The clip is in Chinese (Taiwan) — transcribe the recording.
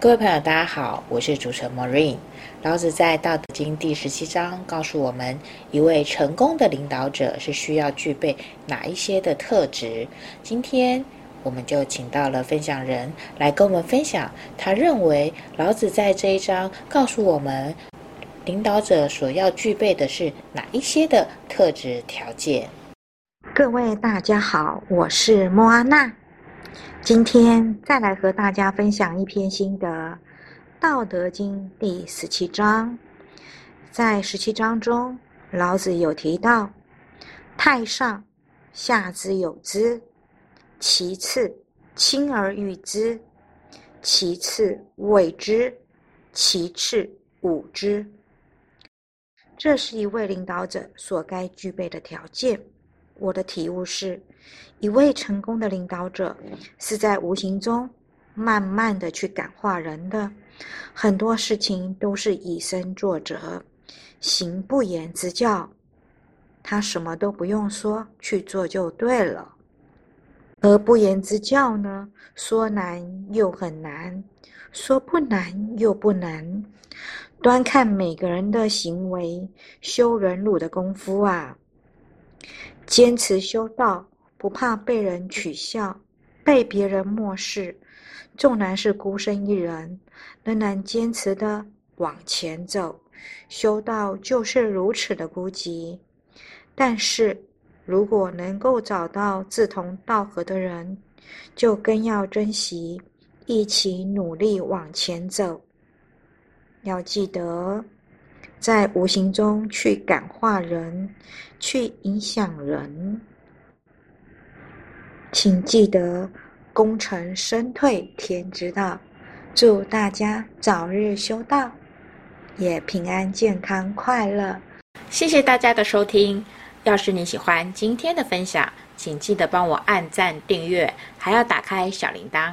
各位朋友，大家好，我是主持人莫瑞。老子在《道德經》第十七章告訴我們，一位成功的領導者是需要具備哪一些的特質。今天，我們就請到了分享人來跟我們分享，他認為老子在這一章告訴我們，領導者所要具備的是哪一些的特質條件。各位大家好，我是莫阿娜。今天再來和大家分享一篇心得，《道德經》第十七章。在十七章中，老子有提到：“太上下之有之，其次親而譽之，其次畏之，其次侮之。”這是一位領導者所該具備的條件。我的體悟是，一位成功的領導者是在無形中慢慢地去感化人的，很多事情都是以身作則，行不言之教。他什麼都不用說，去做就對了。而不言之教呢，說難又很難，說不難又不難，端看每個人的行為，修忍辱的功夫啊。堅持修道，不怕被人取笑，被別人漠視，縱然是孤身一人，仍然堅持的往前走。修道就是如此的孤寂，但是如果能夠找到志同道合的人，就更要珍惜，一起努力往前走。要記得。在無形中去感化人，去影響人。請記得功成身退，天之道。祝大家早日修道，也平安、健康、快樂。謝謝大家的收聽。要是你喜歡今天的分享，請記得幫我按讚、訂閱，還要打開小鈴鐺。